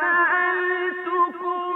سألتكم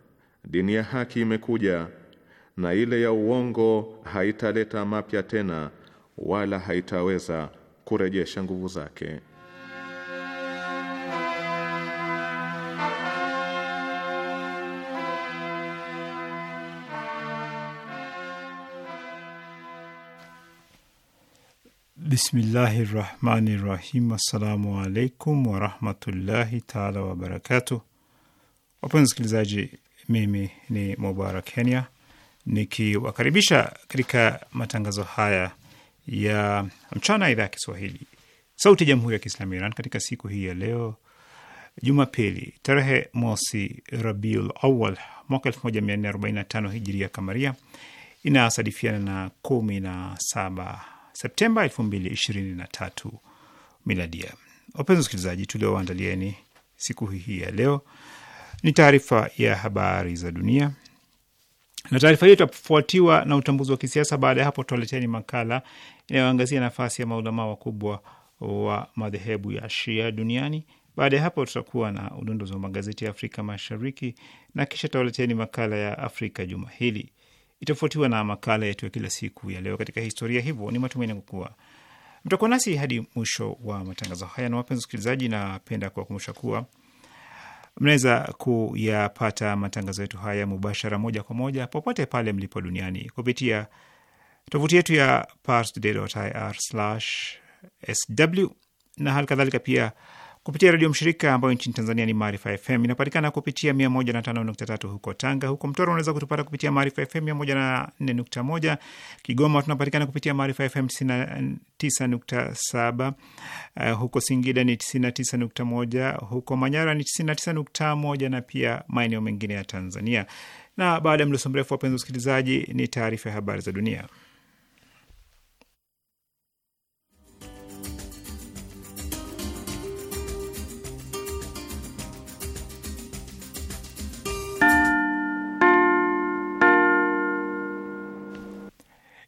Dini ya haki imekuja na ile ya uongo haitaleta mapya tena wala haitaweza kurejesha nguvu zake. Bismillahi rahmani rahim. Assalamu alaikum warahmatullahi taala wabarakatuh. Wapenzi msikilizaji mimi ni Mubarak Kenya nikiwakaribisha katika matangazo haya ya mchana, idhaa ya Kiswahili sauti ya jamhuri ya kiislamu ya Iran katika siku hii ya leo Jumapili tarehe mosi Rabiul Awal mwaka 1445 hijiria kamaria inasadifiana na 17 Septemba 2023 miladia. Wapenzi wasikilizaji, tulioandalieni siku hii ya leo ni taarifa ya habari za dunia, na taarifa hiyo itafuatiwa na utambuzi wa kisiasa. Baada ya hapo, tutawaleteni makala inayoangazia nafasi ya maulamaa wakubwa wa madhehebu ya Shia duniani. Baada ya hapo, tutakuwa na udondozi wa magazeti ya Afrika Mashariki na kisha tutawaleteni makala ya Afrika juma hili, itafuatiwa na makala yetu ya kila siku ya leo katika historia. Hivyo ni matumaini kuwa mtakuwa nasi hadi mwisho wa matangazo haya. Na wapenzi wasikilizaji, napenda kuwakumbusha kuwa Mnaweza kuyapata matangazo yetu haya mubashara, moja kwa moja, popote pale mlipo duniani kupitia tovuti yetu ya parstoday.ir/sw na hali kadhalika pia kupitia redio mshirika ambayo nchini Tanzania ni Maarifa FM, inapatikana kupitia 105.3 huko Tanga. Huko Mtoro unaweza kutupata kupitia Maarifa FM 104.1. Kigoma tunapatikana kupitia Maarifa FM 99.7. Uh, huko Singida ni 99.1, huko Manyara ni 99.1, na pia maeneo mengine ya Tanzania. Na baada ya mdoso mrefu, wapenzi wasikilizaji, ni taarifa ya habari za dunia.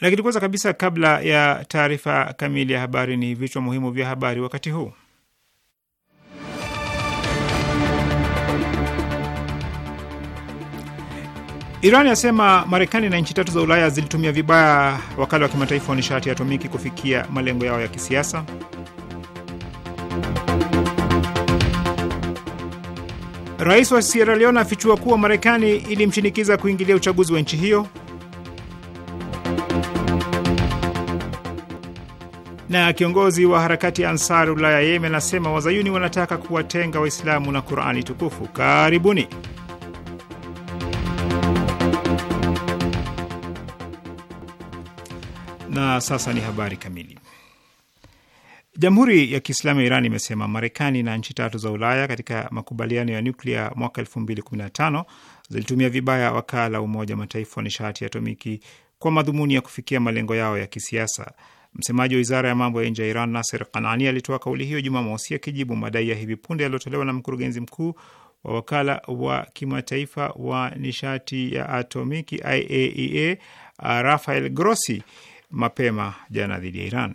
Lakini kwanza kabisa, kabla ya taarifa kamili ya habari, ni vichwa muhimu vya habari wakati huu. Iran yasema Marekani na nchi tatu za Ulaya zilitumia vibaya wakala wa kimataifa wa nishati ya atomiki kufikia malengo yao ya kisiasa. Rais wa Sierra Leone afichua kuwa Marekani ilimshinikiza kuingilia uchaguzi wa nchi hiyo. Na kiongozi wa harakati ya Ansarullah ya Yemen anasema wazayuni wanataka kuwatenga Waislamu na Qurani tukufu. Karibuni. Na sasa ni habari kamili. Jamhuri ya Kiislamu ya Iran imesema Marekani na nchi tatu za Ulaya katika makubaliano ya nuklia mwaka 2015 zilitumia vibaya wakala wa Umoja Mataifa wa nishati ya atomiki kwa madhumuni ya kufikia malengo yao ya kisiasa. Msemaji wa wizara ya mambo ya nje ya Iran, Nasser Kanani, alitoa kauli hiyo Jumamosi akijibu madai ya hivi punde yaliyotolewa na mkurugenzi mkuu wa wakala wa kimataifa wa nishati ya atomiki IAEA e Rafael Grossi mapema jana dhidi ya Iran.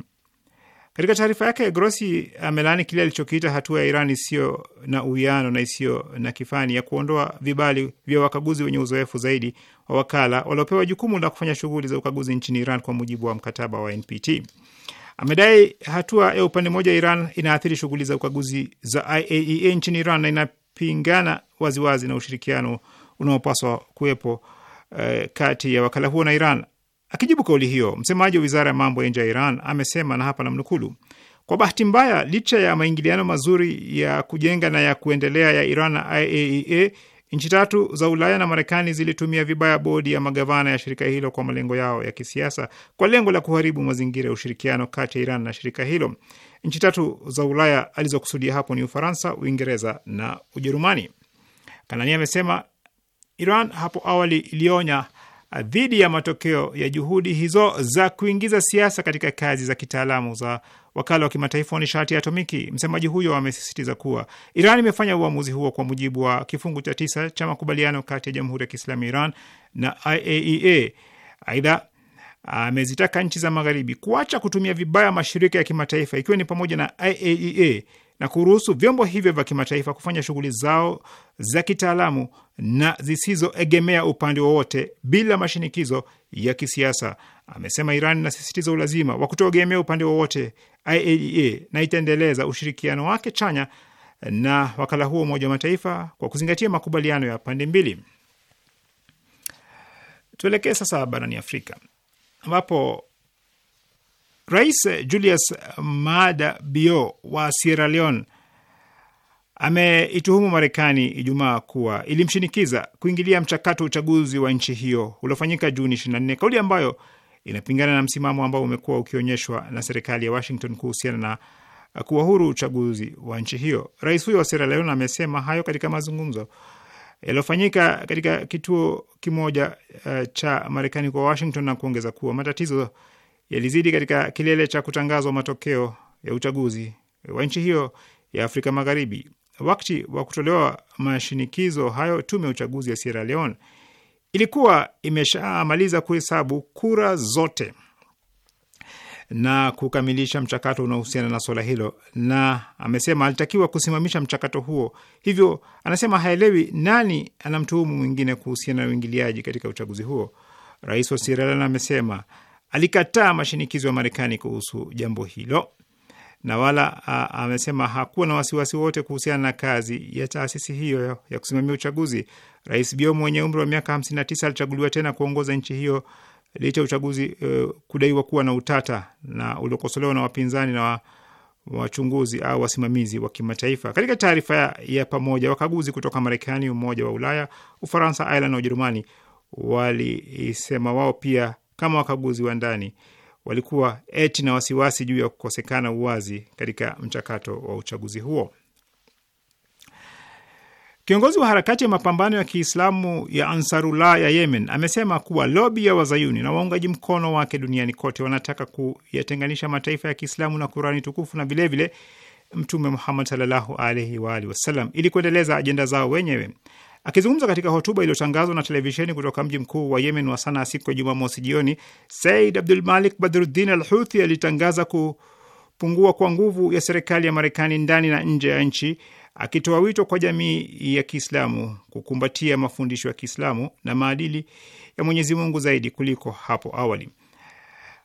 Katika taarifa yake, Grossi amelaani kile alichokiita hatua ya Iran isiyo na uwiano na isiyo na kifani ya kuondoa vibali vya wakaguzi wenye uzoefu zaidi wakala waliopewa jukumu la kufanya shughuli za ukaguzi nchini Iran kwa mujibu wa mkataba wa NPT. Amedai hatua ya upande mmoja Iran inaathiri shughuli za ukaguzi za IAEA e nchini Iran na inapingana waziwazi na ushirikiano unaopaswa kuwepo eh, kati ya wakala huo na Iran. Akijibu kauli hiyo, msemaji wa wizara ya mambo ya nje ya Iran amesema na hapa namnukulu: kwa bahati mbaya, licha ya maingiliano mazuri ya kujenga na ya kuendelea ya Iran na IAEA, e Nchi tatu za Ulaya na Marekani zilitumia vibaya bodi ya magavana ya shirika hilo kwa malengo yao ya kisiasa kwa lengo la kuharibu mazingira ya ushirikiano kati ya Iran na shirika hilo. Nchi tatu za Ulaya alizokusudia hapo ni Ufaransa, Uingereza na Ujerumani. Kanani amesema Iran hapo awali ilionya dhidi ya matokeo ya juhudi hizo za kuingiza siasa katika kazi za kitaalamu za wakala wa kimataifa wa nishati ya atomiki. Msemaji huyo amesisitiza kuwa Iran imefanya uamuzi huo kwa mujibu wa kifungu cha tisa cha makubaliano kati ya Jamhuri ya Kiislamu ya Iran na IAEA. E Aidha, amezitaka nchi za Magharibi kuacha kutumia vibaya mashirika ya kimataifa ikiwa ni pamoja na IAEA e na kuruhusu vyombo hivyo vya kimataifa kufanya shughuli zao za kitaalamu na zisizoegemea upande wowote bila mashinikizo ya kisiasa. Amesema Iran inasisitiza ulazima wa kutoegemea upande wowote IAEA e na itaendeleza ushirikiano wake chanya na wakala huo Umoja wa Mataifa kwa kuzingatia makubaliano ya pande mbili. Tuelekee sasa barani Afrika ambapo Rais Julius Maada Bio wa Sierra Leone ameituhumu Marekani Ijumaa kuwa ilimshinikiza kuingilia mchakato wa uchaguzi wa nchi hiyo uliofanyika Juni 24, kauli ambayo inapingana na msimamo ambao umekuwa ukionyeshwa na serikali ya Washington kuhusiana na kuwa huru uchaguzi wa nchi hiyo. Rais huyo wa Sierra Leone amesema hayo katika mazungumzo yaliyofanyika katika kituo kimoja uh, cha Marekani kwa Washington na kuongeza kuwa matatizo yalizidi katika kilele cha kutangazwa matokeo ya uchaguzi wa nchi hiyo ya Afrika Magharibi wakati wa kutolewa mashinikizo hayo, tume ya uchaguzi ya Sierra Leone ilikuwa imeshamaliza kuhesabu kura zote na kukamilisha mchakato unaohusiana na swala hilo, na amesema alitakiwa kusimamisha mchakato huo. Hivyo anasema haelewi nani anamtuhumu mwingine kuhusiana na uingiliaji katika uchaguzi huo. Rais wa Sierra Leone amesema alikataa mashinikizo ya Marekani kuhusu jambo hilo na wala amesema hakuwa na wasiwasi wote kuhusiana na kazi ya taasisi hiyo ya kusimamia uchaguzi. Rais Bio mwenye umri wa miaka 59 alichaguliwa tena kuongoza nchi hiyo licha ya uchaguzi uh, kudaiwa kuwa na utata na uliokosolewa na wapinzani na wa, wachunguzi au wasimamizi wa kimataifa. Katika taarifa ya, ya pamoja, wakaguzi kutoka Marekani, Umoja wa Ulaya, Ufaransa, Ireland na Ujerumani walisema wao pia kama wakaguzi wa ndani walikuwa eti na wasiwasi juu ya kukosekana uwazi katika mchakato wa uchaguzi huo. Kiongozi wa harakati ya mapambano ya Kiislamu ya Ansarullah ya Yemen amesema kuwa lobi ya wazayuni na waungaji mkono wake duniani kote wanataka kuyatenganisha mataifa ya Kiislamu na Kurani tukufu na vilevile Mtume Muhammad sallallahu alaihi wa wasallam ili kuendeleza ajenda zao wenyewe. Akizungumza katika hotuba iliyotangazwa na televisheni kutoka mji mkuu wa Yemen wa Sana siku ya Jumamosi jioni, Said Abdul Malik Badruddin Al Huthi alitangaza kupungua kwa nguvu ya serikali ya Marekani ndani na nje ya nchi, akitoa wito kwa jamii ya Kiislamu kukumbatia mafundisho ya Kiislamu na maadili ya Mwenyezi Mungu zaidi kuliko hapo awali.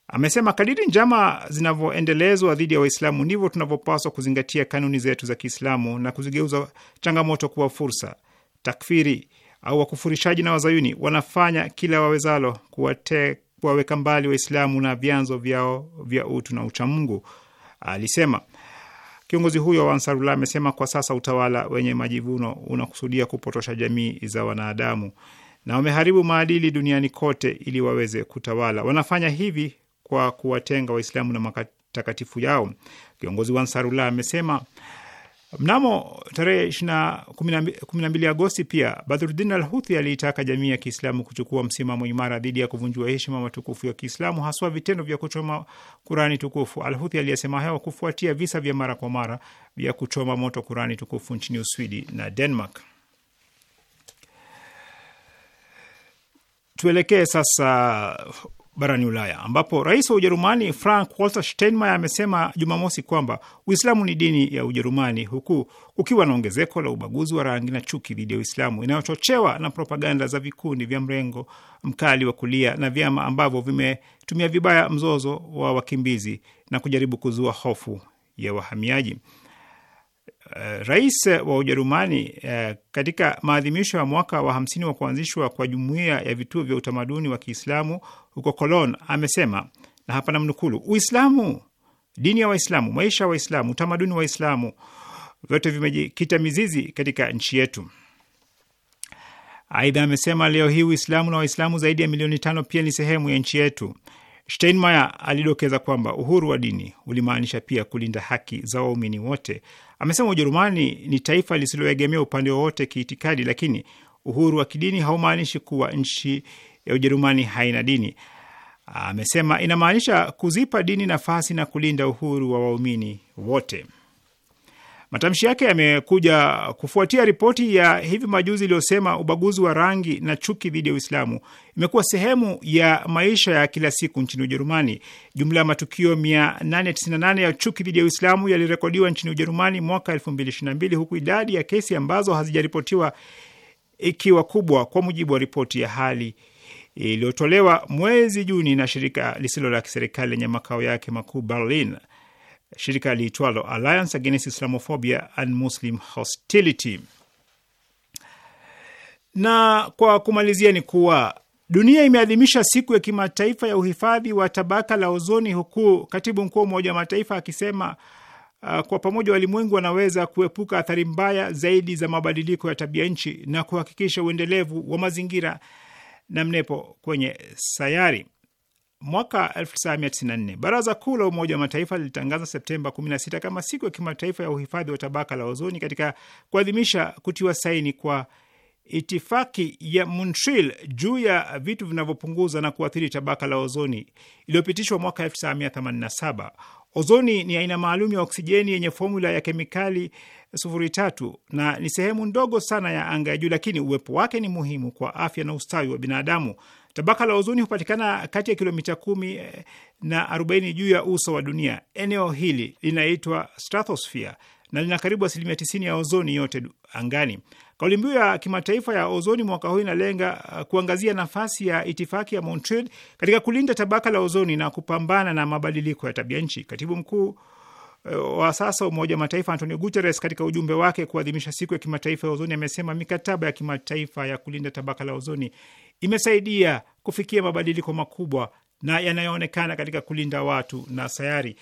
Amesema kadiri njama zinavyoendelezwa dhidi ya Waislamu ndivyo tunavyopaswa kuzingatia kanuni zetu za Kiislamu na kuzigeuza changamoto kuwa fursa takfiri au wakufurishaji na wazayuni wanafanya kila wawezalo kuwaweka mbali Waislamu na vyanzo vyao vya utu na uchamungu, alisema. Kiongozi huyo wa Ansarullah amesema kwa sasa utawala wenye majivuno unakusudia kupotosha jamii za wanadamu na wameharibu maadili duniani kote ili waweze kutawala. Wanafanya hivi kwa kuwatenga Waislamu na matakatifu yao. Kiongozi wa Ansarullah amesema Mnamo tarehe 12 Agosti pia Badhurdin al Huthi aliitaka jamii ya Kiislamu kuchukua msimamo imara dhidi ya kuvunjua heshima matukufu ya Kiislamu, haswa vitendo vya kuchoma Kurani tukufu. Al Huthi aliyesema hayo kufuatia visa vya mara kwa mara vya kuchoma moto Kurani tukufu nchini Uswidi na Denmark. Tuelekee sasa barani Ulaya, ambapo rais wa Ujerumani Frank Walter Steinmeier amesema Jumamosi kwamba Uislamu ni dini ya Ujerumani, huku kukiwa na ongezeko la ubaguzi wa rangi na chuki dhidi ya Uislamu inayochochewa na propaganda za vikundi vya mrengo mkali wa kulia na vyama ambavyo vimetumia vibaya mzozo wa wakimbizi na kujaribu kuzua hofu ya wahamiaji. Eh, rais eh, wa Ujerumani uh, katika maadhimisho ya mwaka wa hamsini wa kuanzishwa kwa jumuiya ya vituo vya utamaduni wa Kiislamu huko Cologne amesema, na hapa namnukulu: Uislamu, dini ya Waislamu, maisha ya Waislamu, utamaduni wa Waislamu, vyote vimejikita mizizi katika nchi yetu. Aidha amesema leo hii Uislamu na Waislamu zaidi ya milioni tano pia ni sehemu ya nchi yetu. Steinmeier alidokeza kwamba uhuru wa dini ulimaanisha pia kulinda haki za waumini wote Amesema Ujerumani ni taifa lisiloegemea upande wowote kiitikadi, lakini uhuru wa kidini haumaanishi kuwa nchi ya Ujerumani haina dini. Amesema inamaanisha kuzipa dini nafasi na kulinda uhuru wa waumini wote. Matamshi yake yamekuja kufuatia ripoti ya hivi majuzi iliyosema ubaguzi wa rangi na chuki dhidi ya Uislamu imekuwa sehemu ya maisha ya kila siku nchini Ujerumani. Jumla ya matukio 898 ya chuki dhidi ya Uislamu yalirekodiwa nchini Ujerumani mwaka 2022 huku idadi ya kesi ambazo hazijaripotiwa ikiwa kubwa, kwa mujibu wa ripoti ya hali iliyotolewa mwezi Juni na shirika lisilo la kiserikali lenye makao yake makuu Berlin shirika liitwalo Alliance Against Islamophobia and Muslim Hostility. Na kwa kumalizia ni kuwa dunia imeadhimisha siku ya kimataifa ya uhifadhi wa tabaka la ozoni, huku katibu mkuu wa Umoja wa Mataifa akisema uh, kwa pamoja walimwengu wanaweza kuepuka athari mbaya zaidi za mabadiliko ya tabia nchi na kuhakikisha uendelevu wa mazingira na mnepo kwenye sayari. Mwaka 1994 baraza kuu la Umoja wa Mataifa lilitangaza Septemba 16 kama siku ya kimataifa ya uhifadhi wa tabaka la ozoni katika kuadhimisha kutiwa saini kwa itifaki ya Montreal juu ya vitu vinavyopunguza na kuathiri tabaka la ozoni iliyopitishwa mwaka 1987. Ozoni ni aina maalum ya oksijeni yenye fomula ya kemikali sufuri tatu na ni sehemu ndogo sana ya anga ya juu, lakini uwepo wake ni muhimu kwa afya na ustawi wa binadamu. Tabaka la ozoni hupatikana kati ya kilomita kumi eh, na arobaini juu ya uso wa dunia. Eneo hili linaitwa stratosphere na lina karibu asilimia tisini ya ozoni yote angani. Kauli mbiu ya kimataifa ya ozoni mwaka huu inalenga eh, kuangazia nafasi ya itifaki ya Montreal katika kulinda tabaka la ozoni na kupambana na mabadiliko ya tabia nchi. Katibu mkuu eh, wa sasa Umoja wa Mataifa Antonio Guterres katika ujumbe wake kuadhimisha siku ya kimataifa ya ozoni amesema mikataba ya kimataifa ya kulinda tabaka la ozoni imesaidia kufikia mabadiliko makubwa na yanayoonekana katika kulinda watu na sayari.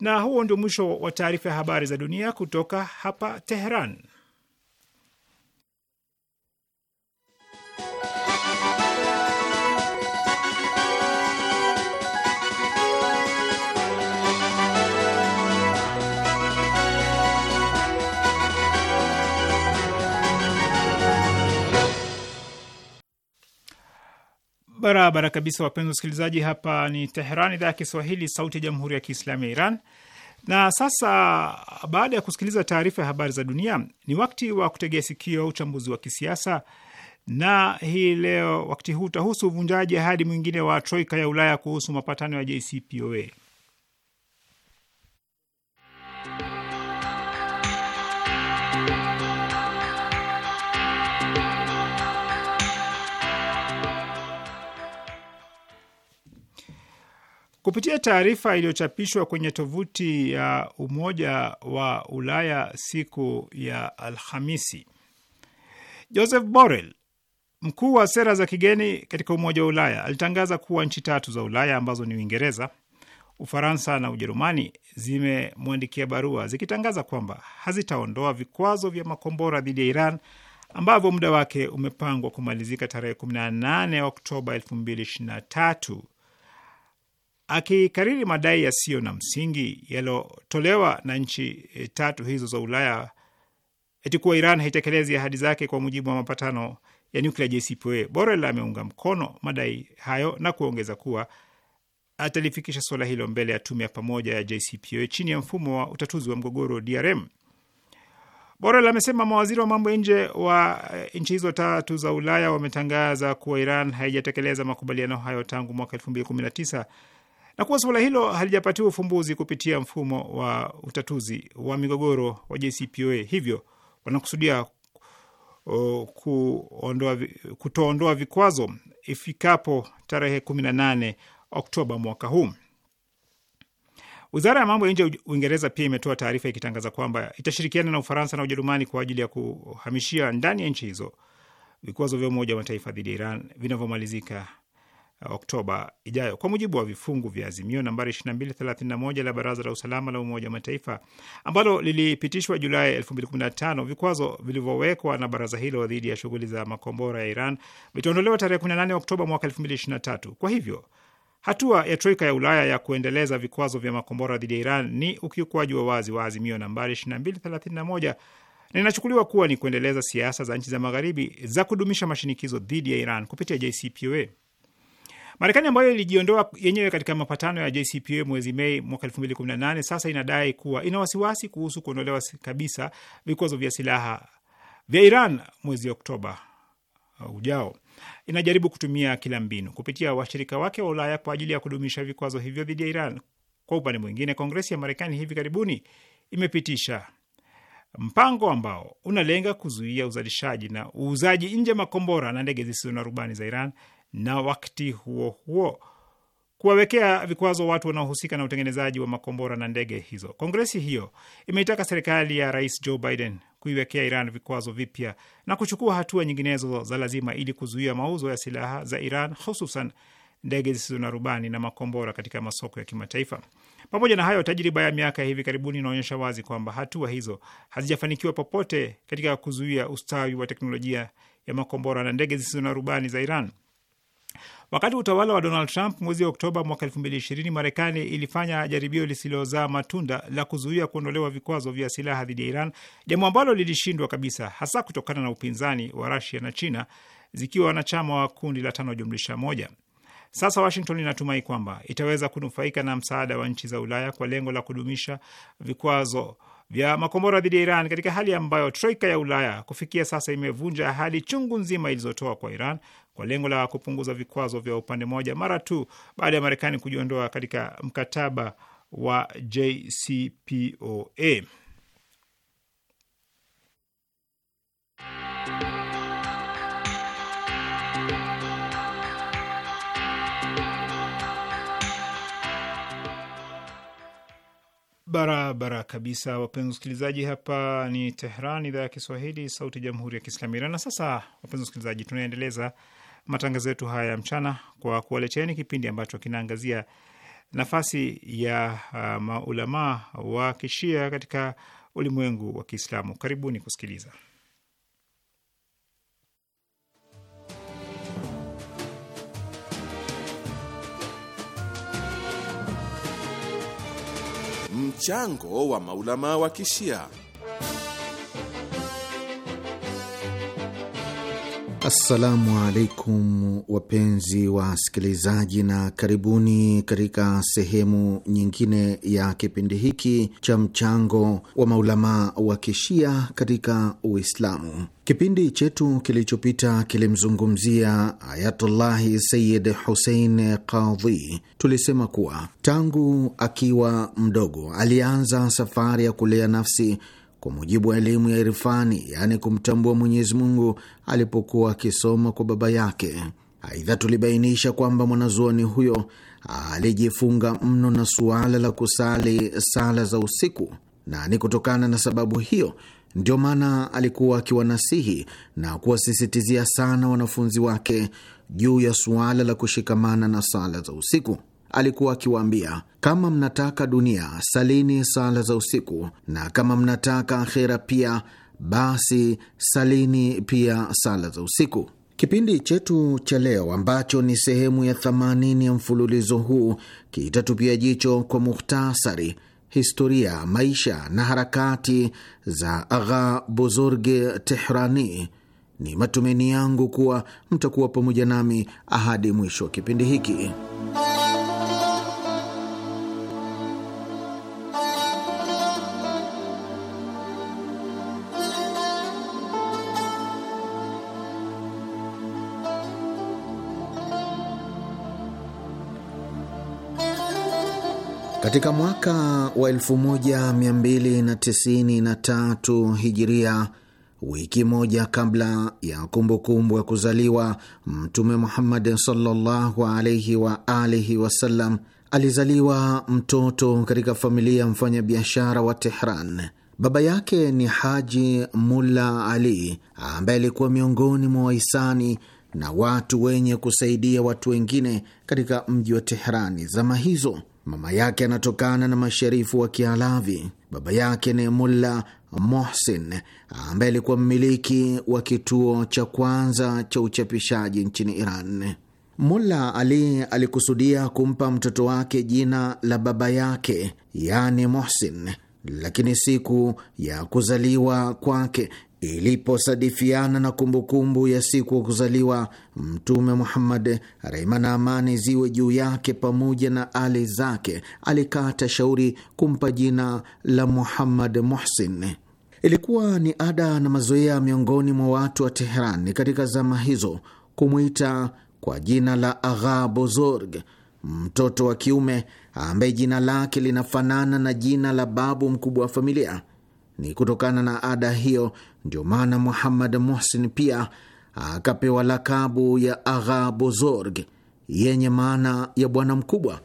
Na huo ndio mwisho wa taarifa ya habari za dunia kutoka hapa Teheran. Barabara kabisa, wapenzi wasikilizaji, hapa ni Teheran, idhaa ya Kiswahili, sauti ya jamhuri ya kiislamu ya Iran. Na sasa baada ya kusikiliza taarifa ya habari za dunia, ni wakati wa kutegea sikio uchambuzi wa kisiasa, na hii leo wakati huu utahusu uvunjaji ahadi mwingine wa troika ya Ulaya kuhusu mapatano ya JCPOA. Kupitia taarifa iliyochapishwa kwenye tovuti ya Umoja wa Ulaya siku ya Alhamisi, Joseph Borrell, mkuu wa sera za kigeni katika Umoja wa Ulaya, alitangaza kuwa nchi tatu za Ulaya ambazo ni Uingereza, Ufaransa na Ujerumani zimemwandikia barua zikitangaza kwamba hazitaondoa vikwazo vya makombora dhidi ya Iran ambavyo muda wake umepangwa kumalizika tarehe 18 Oktoba akikariri madai yasiyo na msingi yaliyotolewa na nchi e, tatu hizo za Ulaya eti kuwa Iran haitekelezi ahadi zake kwa mujibu wa mapatano ya nuklia JCPOA. Borel ameunga mkono madai hayo na kuongeza kuwa atalifikisha suala hilo mbele ya tume ya pamoja ya JCPOA chini ya mfumo wa utatuzi wa mgogoro DRM. Borel amesema mawaziri wa mambo ya nje wa e, nchi hizo tatu za Ulaya wametangaza kuwa Iran haijatekeleza makubaliano hayo tangu mwaka 2019 na kuwa suala hilo halijapatiwa ufumbuzi kupitia mfumo wa utatuzi wa migogoro wa JCPOA, hivyo wanakusudia uh, kutoondoa vikwazo ifikapo tarehe 18 Oktoba mwaka huu. Wizara ya mambo ya nje ya Uingereza pia imetoa taarifa ikitangaza kwamba itashirikiana na Ufaransa na Ujerumani kwa ajili ya kuhamishia ndani ya nchi hizo vikwazo vya Umoja wa Mataifa dhidi ya Iran vinavyomalizika Oktoba ijayo. Kwa mujibu wa vifungu vya azimio nambari 2231 la Baraza la Usalama la Umoja wa Mataifa ambalo lilipitishwa Julai 2015, vikwazo vilivyowekwa na baraza hilo dhidi ya shughuli za makombora ya Iran vitaondolewa tarehe 18 Oktoba mwaka 2023. Kwa hivyo hatua ya troika ya Ulaya ya kuendeleza vikwazo vya makombora dhidi ya Iran ni ukiukwaji wa wazi wa azimio nambari 2231 na inachukuliwa kuwa ni kuendeleza siasa za nchi za Magharibi za kudumisha mashinikizo dhidi ya Iran kupitia JCPOA. Marekani ambayo ilijiondoa yenyewe katika mapatano ya JCPOA mwezi Mei mwaka 2018 sasa inadai kuwa ina wasiwasi kuhusu kuondolewa kabisa vikwazo vya silaha vya Iran mwezi Oktoba uh, ujao. Inajaribu kutumia kila mbinu kupitia washirika wake wa Ulaya kwa ajili ya kudumisha vikwazo hivyo dhidi ya Iran. Kwa upande mwingine, Kongresi ya Marekani hivi karibuni imepitisha mpango ambao unalenga kuzuia uzalishaji na uuzaji nje makombora na ndege zisizo na rubani za Iran na wakati huo huo kuwawekea vikwazo watu wanaohusika na utengenezaji wa makombora na ndege hizo. Kongresi hiyo imeitaka serikali ya Rais Joe Biden kuiwekea Iran vikwazo vipya na kuchukua hatua nyinginezo za lazima ili kuzuia mauzo ya silaha za Iran, hususan ndege zisizo na rubani na makombora katika masoko ya kimataifa. Pamoja na hayo, tajriba ya miaka ya hivi karibuni inaonyesha wazi kwamba hatua hizo hazijafanikiwa popote katika kuzuia ustawi wa teknolojia ya makombora na ndege zisizo na rubani za Iran. Wakati wa utawala wa Donald Trump mwezi Oktoba mwaka 2020, Marekani ilifanya jaribio lisilozaa matunda la kuzuia kuondolewa vikwazo vya silaha dhidi ya Iran, jambo ambalo lilishindwa kabisa, hasa kutokana na upinzani wa Rusia na China zikiwa wanachama wa kundi la tano jumlisha moja. Sasa Washington inatumai kwamba itaweza kunufaika na msaada wa nchi za Ulaya kwa lengo la kudumisha vikwazo vya makombora dhidi ya Iran katika hali ambayo troika ya Ulaya kufikia sasa imevunja ahadi chungu nzima ilizotoa kwa Iran kwa lengo la kupunguza vikwazo vya upande mmoja mara tu baada ya Marekani kujiondoa katika mkataba wa JCPOA. Barabara kabisa, wapenzi wasikilizaji, hapa ni Tehran, idhaa ya Kiswahili, sauti ya jamhuri ya kiislamu Iran. Na sasa, wapenzi wasikilizaji, tunaendeleza matangazo yetu haya ya mchana kwa kuwaleteeni kipindi ambacho kinaangazia nafasi ya uh, maulamaa wa kishia katika ulimwengu wa Kiislamu. Karibuni kusikiliza. Mchango wa maulamaa wa kishia Assalamu alaikum wapenzi wasikilizaji, na karibuni katika sehemu nyingine ya kipindi hiki cha mchango wa maulamaa wa kishia katika Uislamu. Kipindi chetu kilichopita kilimzungumzia Ayatullahi Sayid Husein Qadhi. Tulisema kuwa tangu akiwa mdogo alianza safari ya kulea nafsi kwa mujibu wa elimu ya irfani, yaani kumtambua Mwenyezi Mungu alipokuwa akisoma kwa baba yake. Aidha, tulibainisha kwamba mwanazuoni huyo alijifunga mno na suala la kusali sala za usiku, na ni kutokana na sababu hiyo ndio maana alikuwa akiwanasihi na kuwasisitizia sana wanafunzi wake juu ya suala la kushikamana na sala za usiku alikuwa akiwaambia, kama mnataka dunia salini sala za usiku, na kama mnataka akhera pia basi salini pia sala za usiku. Kipindi chetu cha leo ambacho ni sehemu ya 80 ya mfululizo huu kitatupia jicho kwa muhtasari historia, maisha na harakati za Agha Bozorge Tehrani. Ni matumaini yangu kuwa mtakuwa pamoja nami ahadi mwisho wa kipindi hiki. Katika mwaka wa 1293 hijiria, wiki moja kabla ya kumbukumbu kumbu ya kuzaliwa Mtume Muhammad sallallahu alaihi wa alihi wasallam, alizaliwa mtoto katika familia ya mfanyabiashara wa Tehran. Baba yake ni Haji Mulla Ali ambaye alikuwa miongoni mwa wahisani na watu wenye kusaidia watu wengine katika mji wa Teherani zama hizo. Mama yake anatokana na masharifu wa Kialavi. Baba yake ni Mulla Mohsin ambaye alikuwa mmiliki wa kituo cha kwanza cha uchapishaji nchini Iran. Mulla Ali alikusudia kumpa mtoto wake jina la baba yake, yani Mohsin, lakini siku ya kuzaliwa kwake iliposadifiana na kumbukumbu -kumbu ya siku ya kuzaliwa Mtume Muhammad, rehma na amani ziwe juu yake pamoja na ali zake, alikata shauri kumpa jina la Muhammad Muhsin. Ilikuwa ni ada na mazoea miongoni mwa watu wa Teherani katika zama hizo kumwita kwa jina la Agha Bozorg, mtoto wa kiume ambaye jina lake linafanana na jina la babu mkubwa wa familia. Ni kutokana na ada hiyo ndio maana Muhammad Muhsin pia akapewa lakabu ya Agha Bozorg yenye maana ya bwana mkubwa,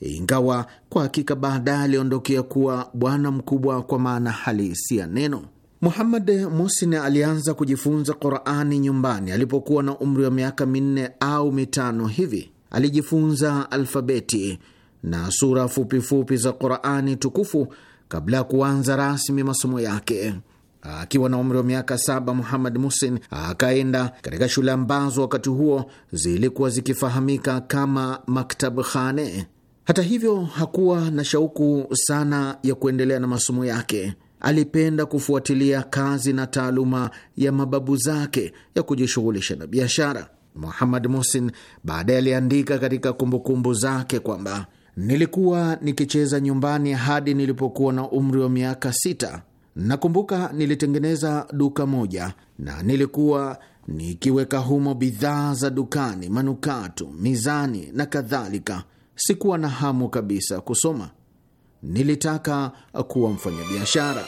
ingawa kwa hakika baadaye aliondokea kuwa bwana mkubwa kwa maana halisi ya neno. Muhammad Muhsin alianza kujifunza Qurani nyumbani alipokuwa na umri wa miaka minne au mitano hivi. Alijifunza alfabeti na sura fupifupi fupi za Qurani tukufu kabla ya kuanza rasmi masomo yake. Akiwa na umri wa miaka saba, Muhammad Musin akaenda katika shule ambazo wakati huo zilikuwa zikifahamika kama maktab khane. Hata hivyo, hakuwa na shauku sana ya kuendelea na masomo yake. Alipenda kufuatilia kazi na taaluma ya mababu zake ya kujishughulisha na biashara. Muhammad Musin baadaye aliandika katika kumbukumbu zake kwamba Nilikuwa nikicheza nyumbani hadi nilipokuwa na umri wa miaka sita. Nakumbuka nilitengeneza duka moja na nilikuwa nikiweka humo bidhaa za dukani, manukato, mizani na kadhalika. Sikuwa na hamu kabisa kusoma, nilitaka kuwa mfanyabiashara.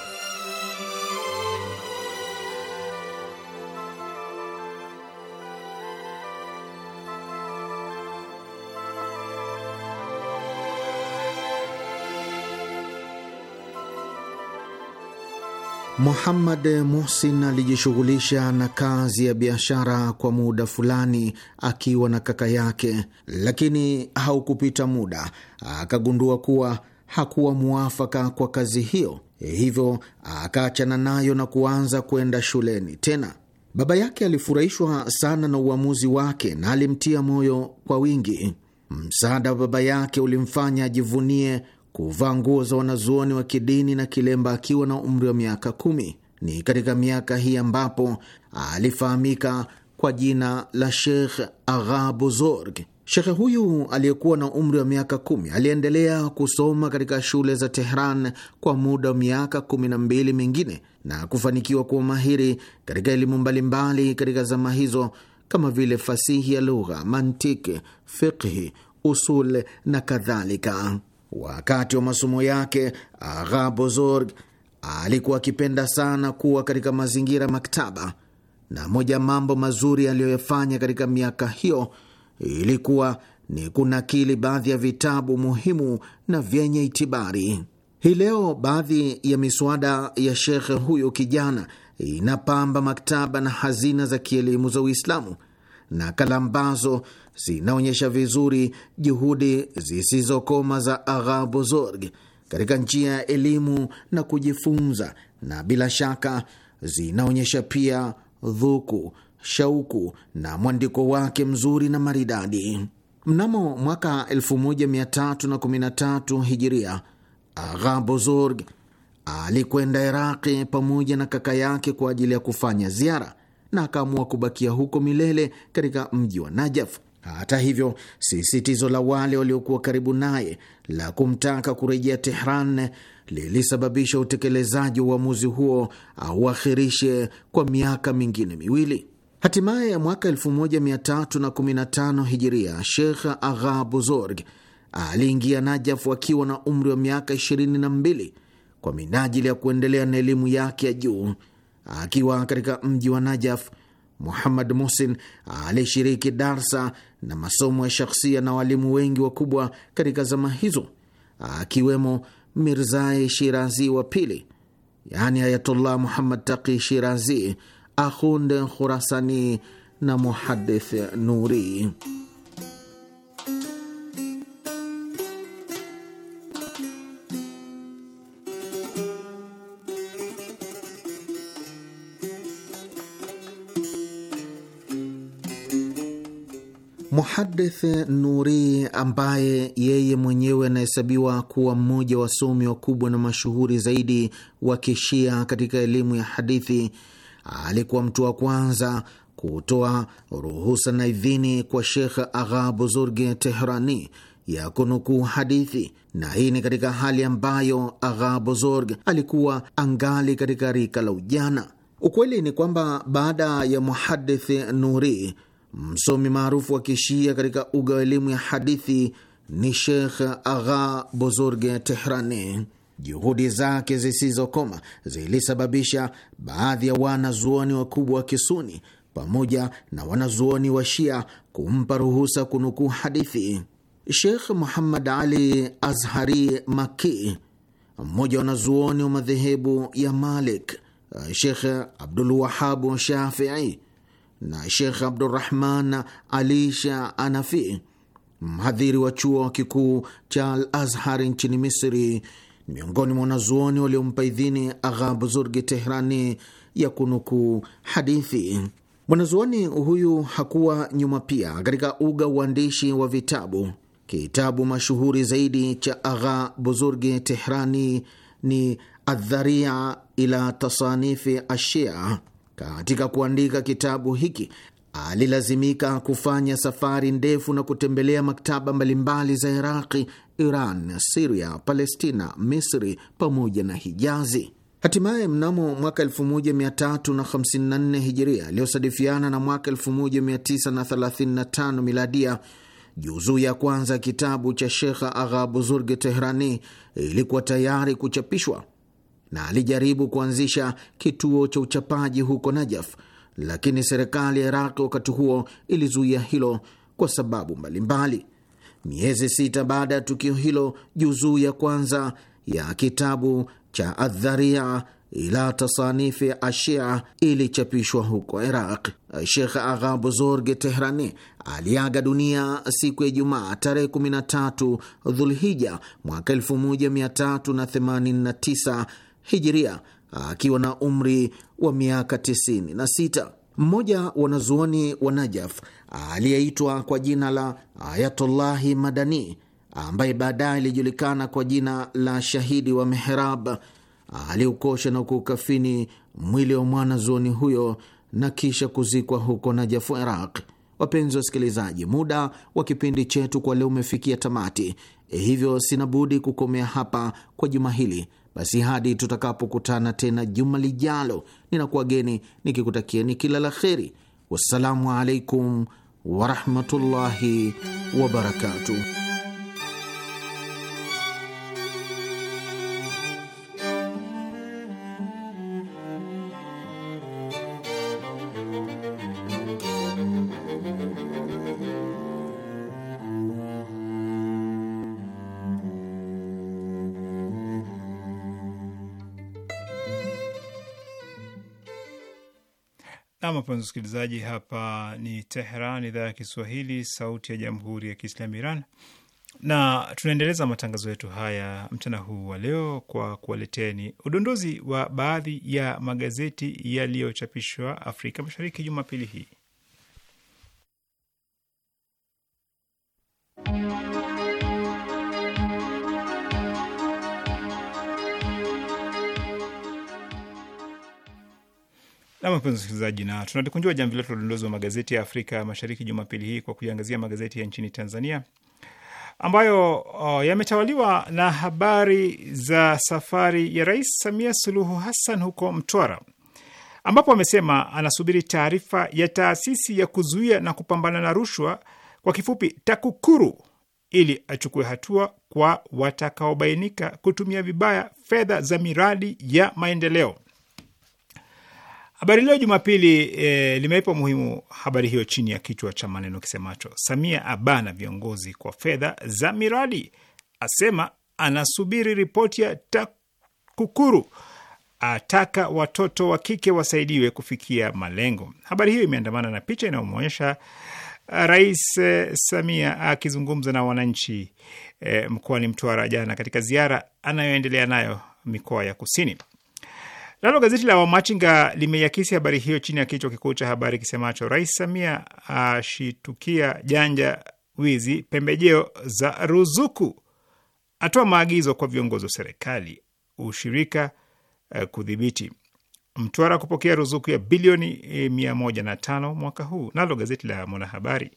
Muhammad Muhsin alijishughulisha na kazi ya biashara kwa muda fulani akiwa na kaka yake, lakini haukupita muda akagundua kuwa hakuwa muafaka kwa kazi hiyo, hivyo akaachana nayo na kuanza kwenda shuleni tena. Baba yake alifurahishwa sana na uamuzi wake na alimtia moyo kwa wingi. Msaada wa baba yake ulimfanya ajivunie kuvaa nguo za wanazuoni wa kidini na kilemba akiwa na umri wa miaka kumi. Ni katika miaka hii ambapo alifahamika kwa jina la sheikh Agha Buzorg. Shekhe huyu aliyekuwa na umri wa miaka kumi aliendelea kusoma katika shule za Tehran kwa muda wa miaka kumi na mbili mingine na kufanikiwa kuwa mahiri katika elimu mbalimbali katika zama hizo kama vile fasihi ya lugha, mantiki, fiqhi, usul na kadhalika. Wakati wa masomo yake, Agha Bozorg alikuwa akipenda sana kuwa katika mazingira maktaba, na moja mambo mazuri aliyoyafanya katika miaka hiyo ilikuwa ni kunakili baadhi ya vitabu muhimu na vyenye itibari. Hii leo baadhi ya miswada ya shekhe huyo kijana inapamba maktaba na hazina za kielimu za Uislamu, nakala ambazo zinaonyesha vizuri juhudi zisizokoma za Agha Bozorg katika njia ya elimu na kujifunza, na bila shaka zinaonyesha pia dhuku, shauku na mwandiko wake mzuri na maridadi. Mnamo mwaka 1313 hijiria Agha Bozorg alikwenda Iraqi pamoja na kaka yake kwa ajili ya kufanya ziara na akaamua kubakia huko milele katika mji wa Najaf. Hata hivyo, sisitizo la wale waliokuwa karibu naye la kumtaka kurejea Tehran lilisababisha utekelezaji wa uamuzi huo auakhirishe kwa miaka mingine miwili. Hatimaye ya mwaka 1315 hijiria, Sheikh Agha Buzorg aliingia Najafu akiwa na umri wa miaka 22 kwa minajili ya kuendelea na elimu yake ya juu. Akiwa katika mji wa Najaf, Muhammad muhsin alishiriki darsa na masomo ya shakhsia na walimu wengi wakubwa katika zama hizo, akiwemo mirzai Shirazi wa pili, yani Ayatullah Muhammad Taqi Shirazi, Akhund Khurasani na Muhadith Nuri. Muhadith Nuri ambaye yeye mwenyewe anahesabiwa kuwa mmoja wa somi wakubwa na mashuhuri zaidi wa kishia katika elimu ya hadithi alikuwa mtu wa kwanza kutoa ruhusa na idhini kwa Shekh Agha Buzurgi Tehrani ya kunukuu hadithi, na hii ni katika hali ambayo Agha Buzurg alikuwa angali katika rika la ujana. Ukweli ni kwamba baada ya Muhadith Nuri Msomi maarufu wa kishia katika uga wa elimu ya hadithi ni Shekh Agha Bozorge Tehrani. Juhudi zake zisizokoma zilisababisha baadhi ya wanazuoni wakubwa wa Kisuni pamoja na wanazuoni wa Shia kumpa ruhusa kunukuu hadithi. Shekh Muhammad Ali Azhari Maki, mmoja wa wanazuoni wa madhehebu ya Malik, Shekh Abdul Wahabu Shafii na Shekh Abdurahman Ali Sha Anafi, mhadhiri wa chuo kikuu cha Al Azhar nchini Misri, ni miongoni mwa wanazuoni waliompa idhini Agha Buzurgi Tehrani ya kunukuu hadithi. Mwanazuoni huyu hakuwa nyuma pia katika uga uandishi wa vitabu. Kitabu mashuhuri zaidi cha Agha Buzurgi Tehrani ni Adharia ila Tasanifi Ashia. Katika kuandika kitabu hiki alilazimika kufanya safari ndefu na kutembelea maktaba mbalimbali za Iraqi, Iran, Siria, Palestina, Misri pamoja na Hijazi. Hatimaye mnamo mwaka 1354 Hijiria aliyosadifiana na mwaka 1935 Miladia, juzuu ya kwanza kitabu cha Shekh Agha Buzurgi Tehrani ilikuwa tayari kuchapishwa na alijaribu kuanzisha kituo cha uchapaji huko Najaf, lakini serikali ya Iraq wakati huo ilizuia hilo kwa sababu mbalimbali. Miezi sita baada ya tukio hilo, juzuu ya kwanza ya kitabu cha Adharia ila tasanifi ashia ilichapishwa huko Iraq. Shekh Agha Bozorge Tehrani aliaga dunia siku ya Ijumaa tarehe 13 Dhulhija mwaka 1389 hijiria akiwa na umri wa miaka 96. Mmoja wanazuoni wa Najaf aliyeitwa kwa jina la Ayatullahi Madani, ambaye baadaye alijulikana kwa jina la Shahidi wa Mehrab, aliukosha na kuukafini mwili wa mwanazuoni huyo na kisha kuzikwa huko Najafu, Iraq. Wapenzi wasikilizaji, muda wa kipindi chetu kwa leo umefikia tamati, hivyo sina budi kukomea hapa kwa juma hili basi hadi tutakapokutana tena juma lijalo, ninakuwageni nikikutakieni kila la kheri. Wassalamu alaikum warahmatullahi wabarakatuh. Amapenzi msikilizaji, hapa ni teheran idhaa ya Kiswahili, sauti ya jamhuri ya kiislamu Iran, na tunaendeleza matangazo yetu haya mchana huu wa leo kwa kuwaleteni udondozi wa baadhi ya magazeti yaliyochapishwa Afrika Mashariki jumapili hii. mpenzi msikilizaji, na tunalikunjua jamvi letu la udondozi wa magazeti ya Afrika Mashariki Jumapili hii kwa kuiangazia magazeti ya nchini Tanzania ambayo oh, yametawaliwa na habari za safari ya Rais Samia Suluhu Hassan huko Mtwara, ambapo amesema anasubiri taarifa ya taasisi ya kuzuia na kupambana na rushwa, kwa kifupi TAKUKURU, ili achukue hatua kwa watakaobainika kutumia vibaya fedha za miradi ya maendeleo. Habari Leo Jumapili e, limeipa umuhimu habari hiyo chini ya kichwa cha maneno kisemacho Samia abana viongozi kwa fedha za miradi, asema anasubiri ripoti ya TAKUKURU, ataka watoto wa kike wasaidiwe kufikia malengo. Habari hiyo imeandamana na picha inayomwonyesha eh, Rais eh, Samia akizungumza na wananchi e, mkoani Mtwara jana katika ziara anayoendelea nayo mikoa ya kusini. Nalo gazeti la Wamachinga limeiakisi habari hiyo chini ya kichwa kikuu cha habari kisemacho Rais Samia ashitukia janja wizi pembejeo za ruzuku, atoa maagizo kwa viongozi wa serikali, ushirika uh, kudhibiti Mtwara kupokea ruzuku ya bilioni eh, tano mwaka huu. Nalo gazeti la Mwanahabari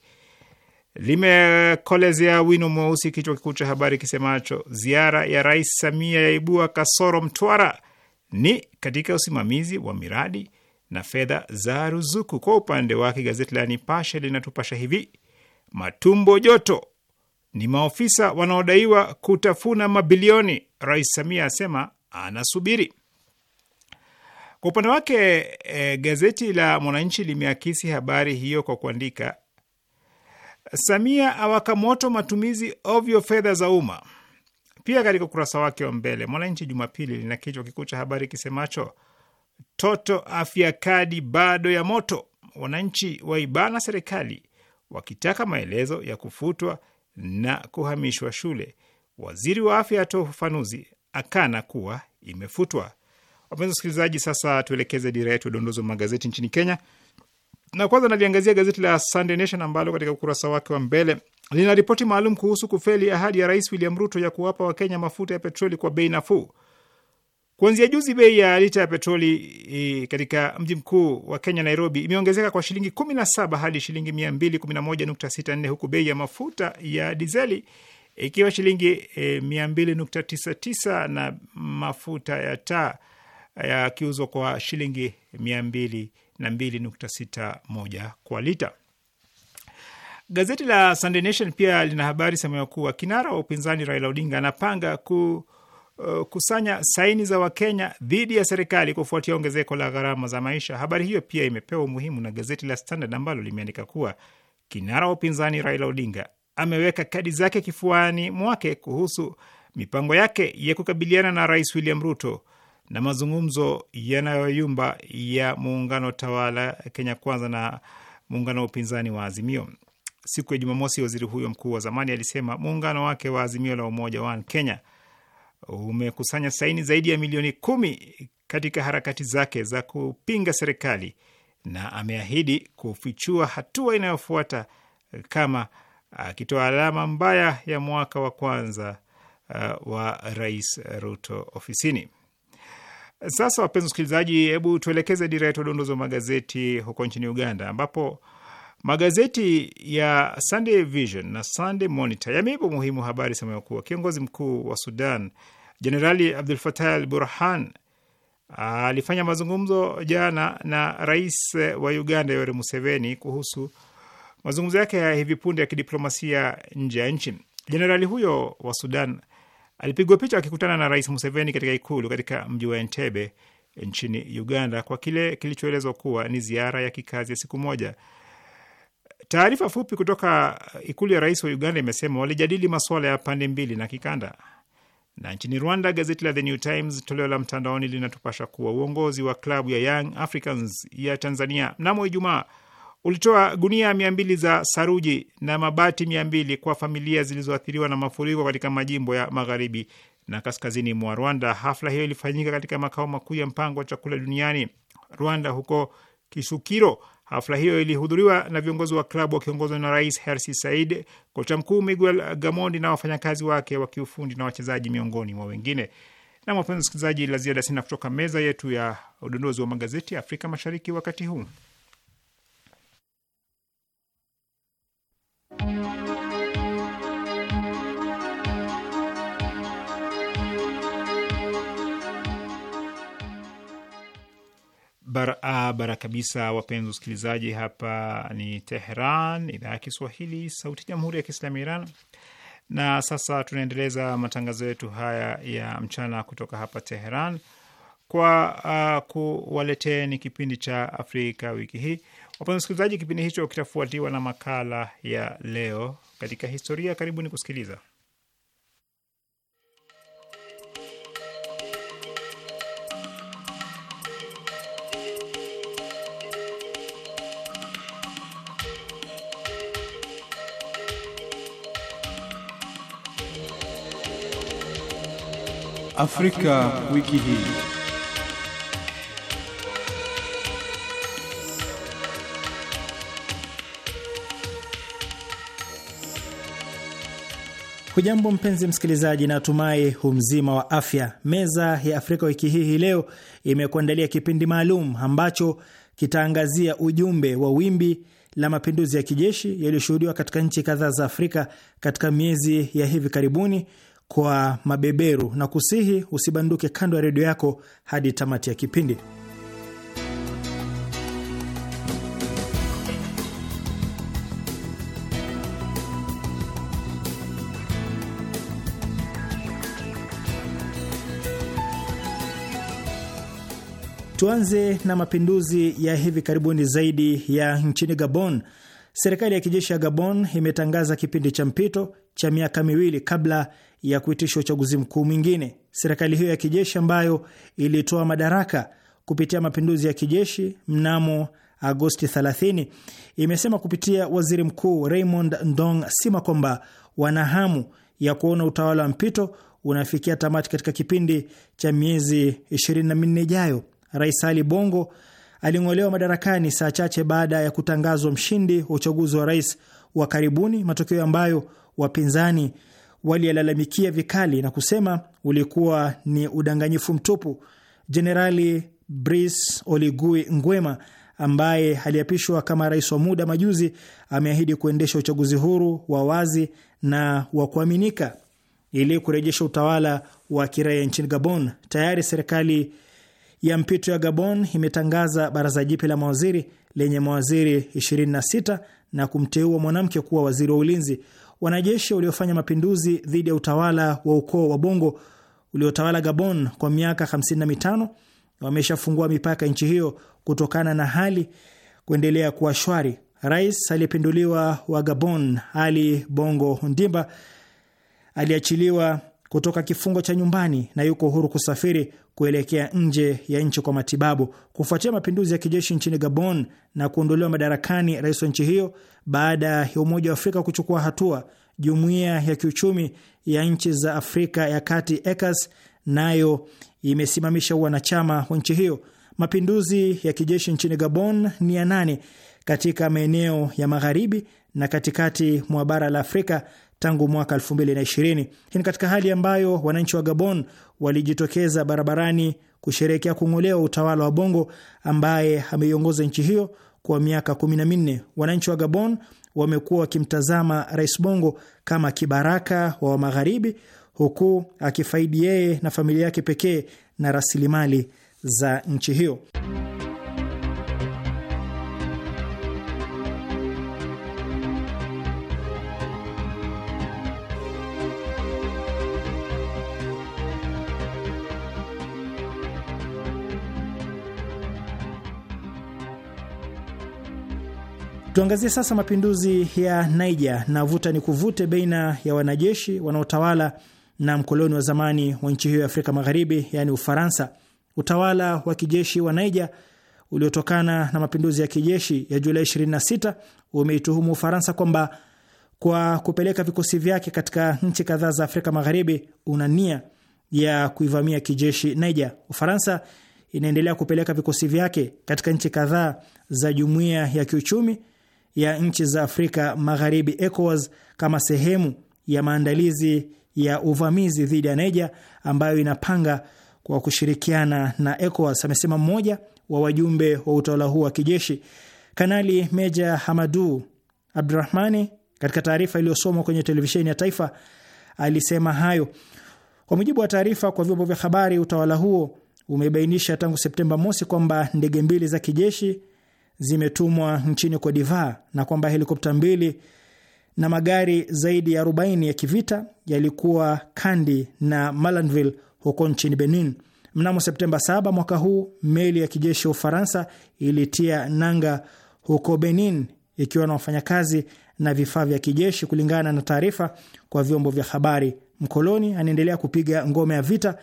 limekolezea wino mweusi kichwa kikuu cha habari kisemacho ziara ya Rais Samia yaibua kasoro Mtwara ni katika usimamizi wa miradi na fedha za ruzuku. Kwa upande wake gazeti la Nipashe linatupasha hivi: matumbo joto ni maofisa wanaodaiwa kutafuna mabilioni, Rais Samia asema anasubiri. Kwa upande wake e, gazeti la Mwananchi limeakisi habari hiyo kwa kuandika, Samia awaka moto matumizi ovyo fedha za umma pia katika ukurasa wake wa mbele Mwananchi Jumapili lina kichwa kikuu cha habari kisemacho toto afya kadi bado ya moto, wananchi waibana serikali wakitaka maelezo ya kufutwa na kuhamishwa shule. Waziri wa afya atoa ufafanuzi, akana kuwa imefutwa. Wapenzi wasikilizaji, sasa tuelekeze dira yetu ya udondozi wa magazeti nchini Kenya, na kwanza naliangazia gazeti la Sunday Nation ambalo katika ukurasa wake wa mbele lina ripoti maalum kuhusu kufeli ahadi ya Rais William Ruto ya kuwapa Wakenya mafuta ya petroli kwa bei nafuu. Kuanzia juzi bei ya lita ya petroli e, katika mji mkuu wa Kenya, Nairobi, imeongezeka kwa shilingi 17 hadi shilingi 211.64 huku bei ya mafuta ya dizeli ikiwa shilingi 200.99 e, na mafuta ya taa e, yakiuzwa kwa shilingi 202.61 kwa lita. Gazeti la Sunday Nation pia lina habari semayo kuwa kinara wa upinzani Raila Odinga anapanga ku Uh, kusanya saini za Wakenya dhidi ya serikali kufuatia ongezeko la gharama za maisha. Habari hiyo pia imepewa umuhimu na gazeti la Standard ambalo limeandika kuwa kinara wa upinzani Raila Odinga ameweka kadi zake kifuani mwake kuhusu mipango yake ya kukabiliana na Rais William Ruto na mazungumzo yanayoyumba ya muungano tawala Kenya Kwanza na muungano wa upinzani wa Azimio siku ya Jumamosi, waziri huyo mkuu wa zamani alisema muungano wake wa Azimio la Umoja One Kenya umekusanya saini zaidi ya milioni kumi katika harakati zake za kupinga serikali na ameahidi kufichua hatua inayofuata kama akitoa alama mbaya ya mwaka wa kwanza uh, wa Rais Ruto ofisini. Sasa wapenzi wasikilizaji, hebu tuelekeze dira yetu ya wa magazeti huko nchini Uganda, ambapo Magazeti ya Sunday Vision na Sunday Monitor yameipa muhimu habari sema kuwa kiongozi mkuu wa Sudan Jenerali Abdul Fatah al Burhan alifanya mazungumzo jana na rais wa Uganda Yoweri Museveni kuhusu mazungumzo yake ya hivi punde ya kidiplomasia nje ya nchi. Jenerali huyo wa Sudan alipigwa picha akikutana na rais Museveni katika ikulu katika mji wa Entebbe nchini Uganda kwa kile kilichoelezwa kuwa ni ziara ya kikazi ya siku moja. Taarifa fupi kutoka ikulu ya rais wa Uganda imesema walijadili masuala ya pande mbili na kikanda. Na nchini Rwanda, gazeti la The New Times toleo la mtandaoni linatupasha kuwa uongozi wa klabu ya Young Africans ya Tanzania mnamo Ijumaa ulitoa gunia mia mbili za saruji na mabati mia mbili kwa familia zilizoathiriwa na mafuriko katika majimbo ya magharibi na kaskazini mwa Rwanda. Hafla hiyo ilifanyika katika makao makuu ya mpango wa chakula duniani Rwanda, huko Kisukiro. Hafla hiyo ilihudhuriwa na viongozi wa klabu wakiongozwa na Rais Hersi Said, kocha mkuu Miguel Gamondi na wafanyakazi wake wa kiufundi na wachezaji miongoni mwa wengine. Na wapenzi wasikilizaji, la ziada sina kutoka meza yetu ya udondozi wa magazeti ya Afrika Mashariki wakati huu. barabara bara kabisa, wapenzi wasikilizaji. Hapa ni Tehran, idhaa ya Kiswahili, sauti ya jamhuri ya kiislamu ya Iran. Na sasa tunaendeleza matangazo yetu haya ya mchana kutoka hapa Teheran kwa uh, kuwaleteni kipindi cha Afrika wiki hii. Wapenzi wasikilizaji, kipindi hicho kitafuatiwa na makala ya leo katika historia. Karibuni kusikiliza. Afrika wiki hii. Hujambo mpenzi msikilizaji, na atumai humzima wa afya. Meza ya Afrika wiki hii hii leo imekuandalia kipindi maalum ambacho kitaangazia ujumbe wa wimbi la mapinduzi ya kijeshi yaliyoshuhudiwa katika nchi kadhaa za Afrika katika miezi ya hivi karibuni kwa mabeberu na kusihi usibanduke kando ya redio yako hadi tamati ya kipindi. Tuanze na mapinduzi ya hivi karibuni zaidi ya nchini Gabon Serikali ya kijeshi ya Gabon imetangaza kipindi cha mpito cha miaka miwili kabla ya kuitisha uchaguzi mkuu mwingine. Serikali hiyo ya kijeshi ambayo ilitoa madaraka kupitia mapinduzi ya kijeshi mnamo Agosti 30 imesema kupitia waziri mkuu Raymond Ndong Sima kwamba wana hamu ya kuona utawala wa mpito unafikia tamati katika kipindi cha miezi 24 ijayo. Rais Ali Bongo aling'olewa madarakani saa chache baada ya kutangazwa mshindi wa uchaguzi wa rais wa karibuni, matokeo ambayo wapinzani waliyalalamikia vikali na kusema ulikuwa ni udanganyifu mtupu. Jenerali Brice Oligui Nguema ambaye aliapishwa kama rais wa muda majuzi, ameahidi kuendesha uchaguzi huru wa wazi na wa kuaminika ili kurejesha utawala wa kiraia nchini Gabon. Tayari serikali ya mpito ya Gabon imetangaza baraza jipya la mawaziri lenye mawaziri 26 na kumteua mwanamke kuwa waziri wa ulinzi. Wanajeshi waliofanya mapinduzi dhidi ya utawala wa ukoo wa Bongo uliotawala Gabon kwa miaka 55 wameshafungua mipaka nchi hiyo kutokana na hali kuendelea kuwa shwari. Rais aliyepinduliwa wa Gabon Ali Bongo Ondimba aliachiliwa kutoka kifungo cha nyumbani na yuko huru kusafiri kuelekea nje ya nchi kwa matibabu kufuatia mapinduzi ya kijeshi nchini Gabon na kuondolewa madarakani rais wa nchi hiyo. Baada ya Umoja wa Afrika kuchukua hatua, Jumuiya ya Kiuchumi ya Nchi za Afrika ya Kati ECAS nayo imesimamisha wanachama wa nchi hiyo. Mapinduzi ya kijeshi nchini Gabon ni ya nane katika maeneo ya magharibi na katikati mwa bara la Afrika tangu mwaka 2020. Hii ni katika hali ambayo wananchi wa Gabon walijitokeza barabarani kusherehekea kung'olewa utawala wa Bongo ambaye ameiongoza nchi hiyo kwa miaka 14. Wananchi wa Gabon wamekuwa wakimtazama Rais Bongo kama kibaraka wa Magharibi, huku akifaidi yeye na familia yake pekee na rasilimali za nchi hiyo. Tuangazie sasa mapinduzi ya Niger na vuta ni kuvute baina ya wanajeshi wanaotawala na mkoloni wa zamani wa nchi hiyo ya Afrika Magharibi, yaani Ufaransa. Utawala wa kijeshi wa Niger uliotokana na mapinduzi ya kijeshi ya Julai 26 umeituhumu Ufaransa kwamba kwa kupeleka vikosi vyake katika nchi kadhaa za Afrika Magharibi una nia ya kuivamia kijeshi Niger. Ufaransa inaendelea kupeleka vikosi vyake katika nchi kadhaa za jumuiya ya kiuchumi ya nchi za Afrika Magharibi, ECOWAS, kama sehemu ya maandalizi ya uvamizi dhidi ya Niger ambayo inapanga kwa kushirikiana na ECOWAS, amesema mmoja wa wajumbe wa utawala huu wa kijeshi Kanali Meja Hamadu Abdurahmani. Katika taarifa iliyosomwa kwenye televisheni ya taifa, alisema hayo. Kwa mujibu wa taarifa kwa vyombo vya habari, utawala huo umebainisha tangu Septemba mosi kwamba ndege mbili za kijeshi zimetumwa nchini kwa divaa na kwamba helikopta mbili na magari zaidi ya 40 ya kivita yalikuwa Kandi na Malanville huko nchini Benin. Mnamo Septemba 7 mwaka huu, meli ya kijeshi ya Ufaransa ilitia nanga huko Benin ikiwa na wafanyakazi na vifaa vya kijeshi. Kulingana na taarifa kwa vyombo vya habari, mkoloni anaendelea kupiga ngome ya vita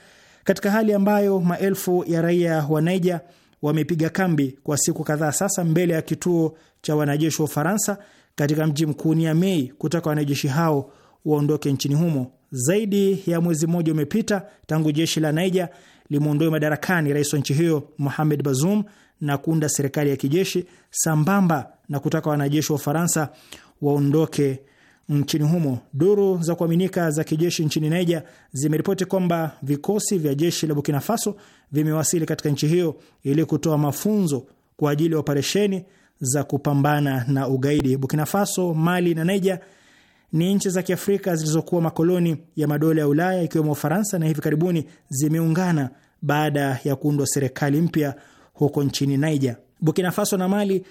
katika hali ambayo maelfu ya raia wa Niger wamepiga kambi kwa siku kadhaa sasa mbele ya kituo cha wanajeshi wa Ufaransa katika mji mkuu Niamey kutaka wanajeshi hao waondoke nchini humo. Zaidi ya mwezi mmoja umepita tangu jeshi la Niger limeondoe madarakani rais wa nchi hiyo Mohamed Bazoum na kuunda serikali ya kijeshi sambamba na kutaka wanajeshi wa Ufaransa waondoke nchini humo. Duru za kuaminika za kijeshi nchini Niger zimeripoti kwamba vikosi vya jeshi la Burkina Faso vimewasili katika nchi hiyo ili kutoa mafunzo kwa ajili ya operesheni za kupambana na ugaidi. Burkina Faso, Mali na Niger ni nchi za Kiafrika zilizokuwa makoloni ya madola ya Ulaya ikiwemo Ufaransa, na hivi karibuni zimeungana baada ya kuundwa serikali mpya huko nchini Niger. Burkina Faso na Mali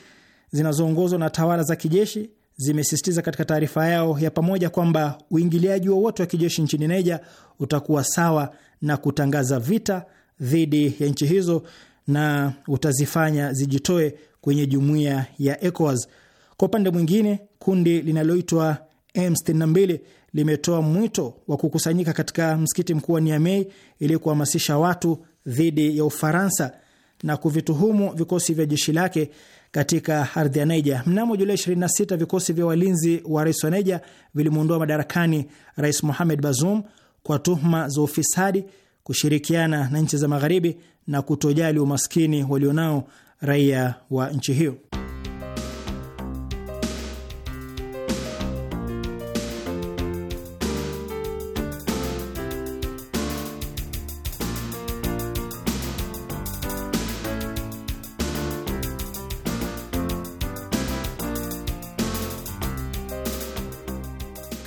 zinazoongozwa na tawala za kijeshi zimesisitiza katika taarifa yao ya pamoja kwamba uingiliaji wowote wa, kijeshi nchini Niger utakuwa sawa na kutangaza vita dhidi ya nchi hizo na utazifanya zijitoe kwenye jumuiya ya ECOWAS. Kwa upande mwingine, kundi linaloitwa M62 limetoa mwito wa kukusanyika katika msikiti mkuu wa Niamey ili kuhamasisha watu dhidi ya Ufaransa na kuvituhumu vikosi vya jeshi lake katika ardhi ya Niger. Mnamo Julai 26 vikosi vya walinzi wa rais wa Niger vilimuondoa madarakani Rais Mohamed Bazoum kwa tuhuma za ufisadi, kushirikiana na nchi za Magharibi na kutojali umaskini walionao raia wa nchi hiyo.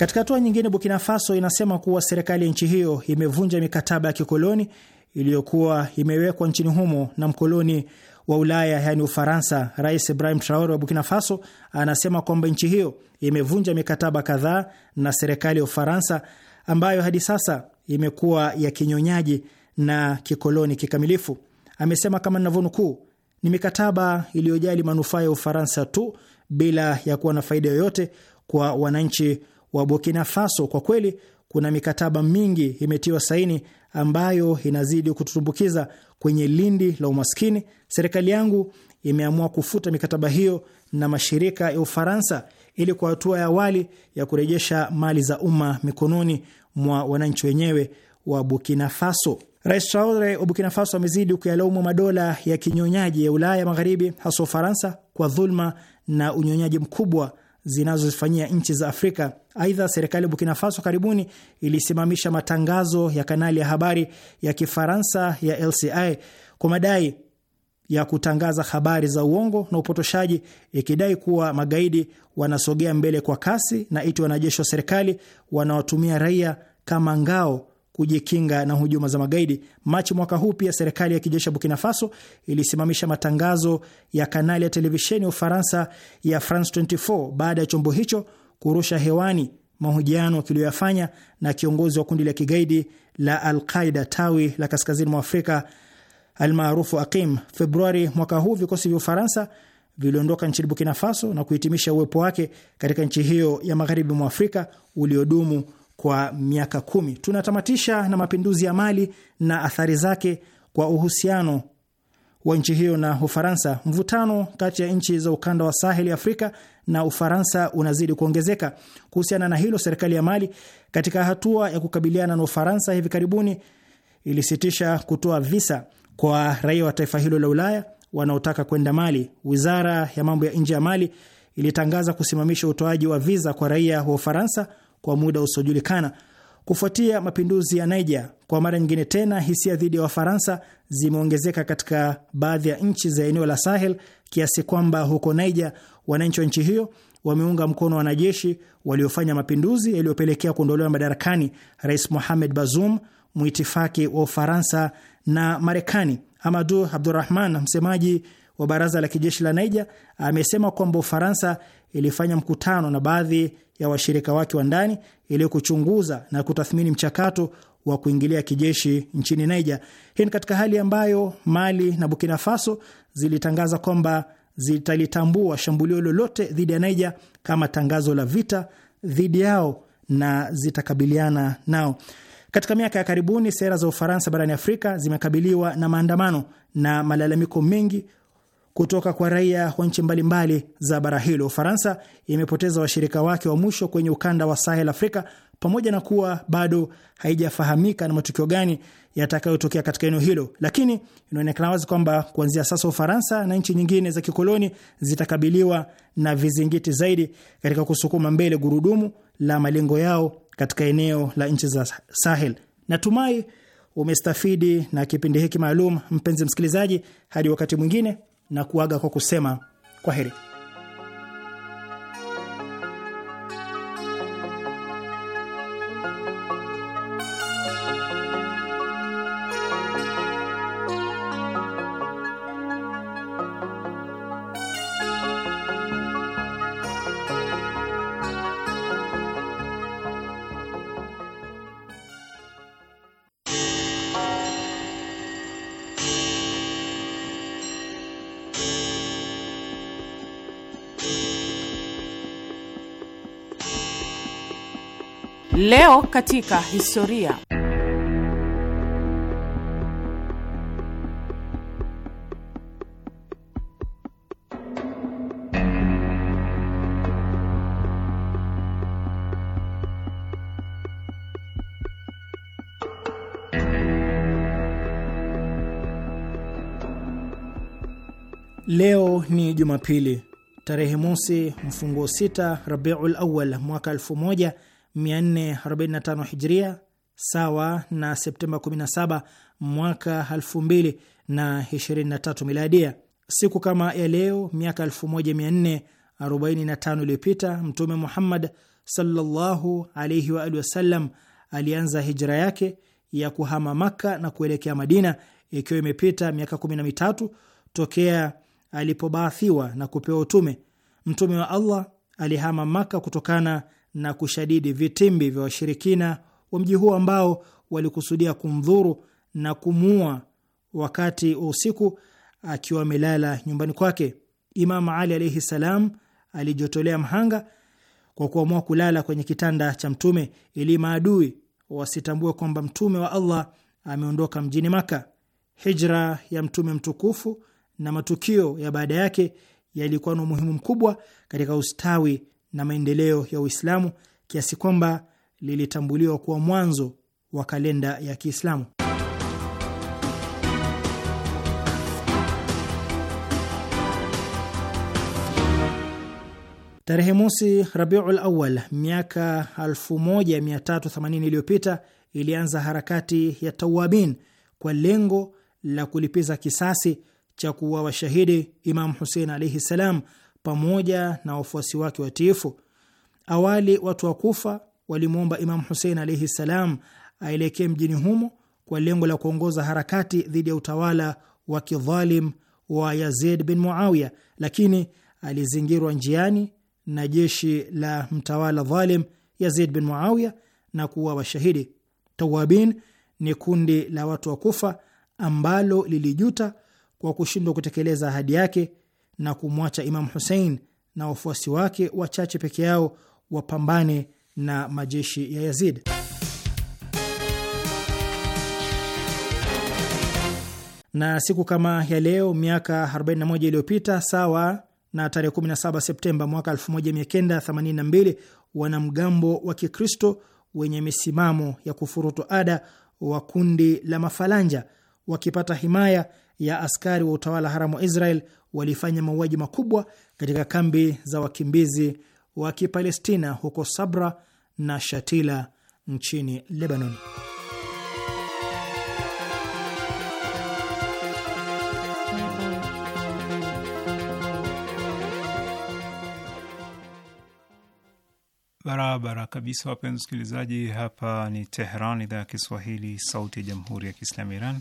Katika hatua nyingine, Burkina Faso inasema kuwa serikali ya nchi hiyo imevunja mikataba ya kikoloni iliyokuwa imewekwa nchini humo na mkoloni wa Ulaya yaani Ufaransa. Rais Ibrahim Traore wa Burkina Faso anasema kwamba nchi hiyo imevunja mikataba kadhaa na serikali ya Ufaransa ambayo hadi sasa imekuwa ya kinyonyaji na kikoloni kikamilifu. Amesema kama ninavyonukuu, ni mikataba iliyojali manufaa ya Ufaransa tu bila ya kuwa na faida yoyote kwa wananchi wa Burkina Faso. Kwa kweli kuna mikataba mingi imetiwa saini ambayo inazidi kututumbukiza kwenye lindi la umaskini. Serikali yangu imeamua kufuta mikataba hiyo na mashirika ya Ufaransa ili kwa hatua ya awali ya kurejesha mali za umma mikononi mwa wananchi wenyewe wa Burkina Faso. Rais Traore wa Burkina Faso amezidi kuyalaumu madola ya kinyonyaji ya Ulaya Magharibi, hasa Ufaransa, kwa dhuluma na unyonyaji mkubwa zinazozifanyia nchi za Afrika Aidha, serikali ya Burkina Faso karibuni ilisimamisha matangazo ya kanali ya habari ya Kifaransa ya LCI kwa madai ya kutangaza habari za uongo na upotoshaji, ikidai kuwa magaidi wanasogea mbele kwa kasi na iti wanajeshi wa serikali wanaotumia raia kama ngao kujikinga na hujuma za magaidi. Machi mwaka huu pia serikali ya kijeshi ya Burkina Faso ilisimamisha matangazo ya kanali ya televisheni ya Ufaransa ya France 24 baada ya chombo hicho kurusha hewani mahojiano kiliyoyafanya na kiongozi wa kundi la kigaidi la Alqaida tawi la kaskazini mwa Afrika almaarufu Aqim. Februari mwaka huu vikosi vya Ufaransa viliondoka nchini Burkina Faso na kuhitimisha uwepo wake katika nchi hiyo ya magharibi mwa Afrika uliodumu kwa miaka kumi. Tunatamatisha na mapinduzi ya Mali na athari zake kwa uhusiano wa nchi hiyo na Ufaransa. Mvutano kati ya nchi za ukanda wa Saheli Afrika na Ufaransa unazidi kuongezeka. Kuhusiana na hilo, serikali ya Mali katika hatua ya kukabiliana na Ufaransa hivi karibuni ilisitisha kutoa visa kwa raia wa taifa hilo la Ulaya wanaotaka kwenda Mali. Wizara ya mambo ya nje ya Mali ilitangaza kusimamisha utoaji wa viza kwa raia wa Ufaransa kwa muda usiojulikana. Kufuatia mapinduzi ya Niger, kwa mara nyingine tena hisia dhidi ya Wafaransa zimeongezeka katika baadhi ya nchi za eneo la Sahel, kiasi kwamba huko Niger wananchi wa nchi hiyo wameunga mkono wanajeshi waliofanya mapinduzi yaliyopelekea kuondolewa madarakani Rais Mohamed Bazoum, mwitifaki wa Ufaransa na Marekani. Amadu Abdurahman, msemaji wa baraza la kijeshi la Niger, amesema kwamba Ufaransa ilifanya mkutano na baadhi ya washirika wake wa ndani ili kuchunguza na kutathmini mchakato wa kuingilia kijeshi nchini Niger. Hii ni katika hali ambayo Mali na Burkina Faso zilitangaza kwamba zitalitambua shambulio lolote dhidi ya Niger kama tangazo la vita dhidi yao na zitakabiliana nao. Katika miaka ya karibuni, sera za Ufaransa barani Afrika zimekabiliwa na maandamano na malalamiko mengi kutoka kwa raia wa nchi mbalimbali za bara hilo. Ufaransa imepoteza washirika wake wa mwisho kwenye ukanda wa Sahel Afrika, pamoja na kuwa bado haijafahamika na matukio gani yatakayotokea katika eneo hilo, lakini inaonekana wazi kwamba kuanzia sasa Ufaransa na nchi nyingine za kikoloni zitakabiliwa na vizingiti zaidi katika kusukuma mbele gurudumu la malengo yao katika eneo la nchi za Sahel. Natumai umestafidi na kipindi hiki maalum, mpenzi msikilizaji. Hadi wakati mwingine na kuaga kwa kusema kwa heri. Leo katika historia. Leo ni Jumapili tarehe mosi mfunguo sita Rabiul Awal mwaka 1400 445 hijria sawa na Septemba 17 mwaka 2023 miladia. Siku kama ya leo miaka 1445 iliyopita Mtume Muhammad sallallahu alaihi wa alihi wasallam alianza hijra yake ya kuhama Makka na kuelekea Madina, ikiwa imepita miaka 13 tokea alipobaathiwa na kupewa utume. Mtume wa Allah alihama Makka kutokana na kushadidi vitimbi vya washirikina wa mji huo ambao walikusudia kumdhuru na kumuua wakati wa usiku akiwa amelala nyumbani kwake. Imam Ali alaihi salam alijotolea mhanga kwa kuamua kulala kwenye kitanda cha Mtume ili maadui wasitambue kwamba Mtume wa Allah ameondoka mjini Maka. Hijra ya Mtume mtukufu na matukio ya baada yake yalikuwa na umuhimu mkubwa katika ustawi na maendeleo ya Uislamu kiasi kwamba lilitambuliwa kuwa mwanzo wa kalenda ya Kiislamu. Tarehe mosi Rabiul Awal miaka 1380 iliyopita ilianza harakati ya Tawabin kwa lengo la kulipiza kisasi cha kuwa washahidi Imam Husein alaihi ssalam pamoja na wafuasi wake watiifu. Awali watu wa Kufa walimwomba Imamu Husein alaihi ssalam aelekee mjini humo kwa lengo la kuongoza harakati dhidi ya utawala wa kidhalim wa Yazid bin Muawiya, lakini alizingirwa njiani na jeshi la mtawala dhalim Yazid bin Muawiya na kuwa washahidi. Tawabin ni kundi la watu wa Kufa ambalo lilijuta kwa kushindwa kutekeleza ahadi yake na kumwacha Imamu Husein na wafuasi wake wachache peke yao wapambane na majeshi ya Yazid. Na siku kama ya leo miaka 41 iliyopita, sawa na tarehe 17 Septemba mwaka 1982, wanamgambo wa Kikristo wenye misimamo ya kufurutu ada wa kundi la Mafalanja wakipata himaya ya askari wa utawala haramu wa Israel walifanya mauaji makubwa katika kambi za wakimbizi wa Kipalestina huko Sabra na Shatila nchini Lebanon. Barabara kabisa, wapenzi wasikilizaji, hapa ni Tehran, idhaa ya Kiswahili, sauti ya jamhuri ya kiislamu Iran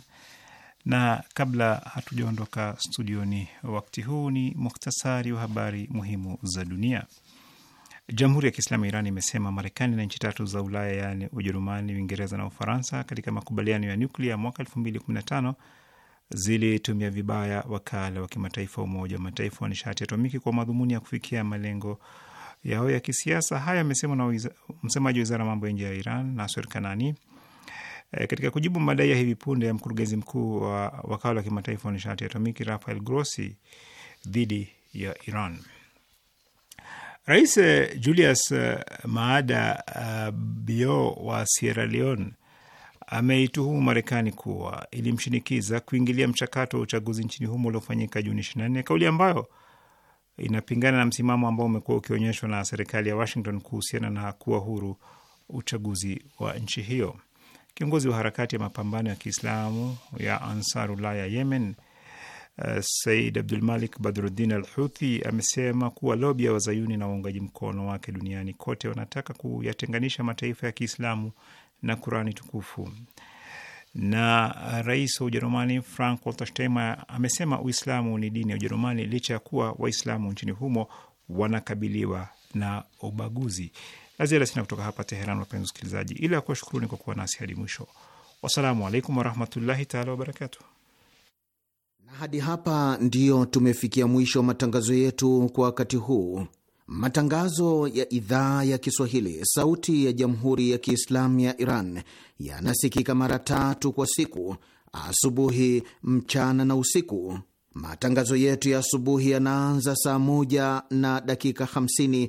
na kabla hatujaondoka studioni wakati huu, ni muhtasari wa habari muhimu za dunia. Jamhuri ya Kiislamu ya Iran imesema Marekani na nchi tatu za Ulaya, yaani Ujerumani, Uingereza na Ufaransa, katika makubaliano ya nyuklia mwaka 2015 zilitumia vibaya wakala wa kimataifa Umoja wa Mataifa wa nishati atomiki kwa madhumuni ya kufikia malengo yao ya kisiasa. Haya amesemwa na msemaji wa wizara mambo ya nje ya Iran, Nasser Kanani E, katika kujibu madai ya hivi punde ya mkurugenzi mkuu wa wakala wa kimataifa wa nishati ya atomiki Rafael Grossi dhidi ya Iran, Rais eh, Julius eh, Maada uh, Bio wa Sierra Leone ameituhumu Marekani kuwa ilimshinikiza kuingilia mchakato wa uchaguzi nchini humo uliofanyika Juni 24, kauli ambayo inapingana na msimamo ambao umekuwa ukionyeshwa na serikali ya Washington kuhusiana na kuwa huru uchaguzi wa nchi hiyo. Kiongozi wa harakati ya mapambano ya Kiislamu ya Ansarullah ya Yemen, uh, Said Abdulmalik Badruddin al Huthi amesema kuwa lobi ya wazayuni na waungaji mkono wake duniani kote wanataka kuyatenganisha mataifa ya Kiislamu na Kurani tukufu na eh, rais wa Ujerumani Frank Walter Steinmeier amesema Uislamu ni dini ya Ujerumani licha ya kuwa Waislamu nchini humo wanakabiliwa na ubaguzi. La ziada sina kutoka hapa Teheran, wapenzi wasikilizaji, ila ya kuwashukuruni kwa kuwa nasi hadi mwisho. Wassalamu alaikum warahmatullahi taala wabarakatuh. Na hadi hapa ndiyo tumefikia mwisho wa matangazo yetu kwa wakati huu. Matangazo ya idhaa ya Kiswahili sauti ya jamhuri ya Kiislamu ya Iran yanasikika mara tatu kwa siku: asubuhi, mchana na usiku. Matangazo yetu ya asubuhi yanaanza saa moja na dakika 50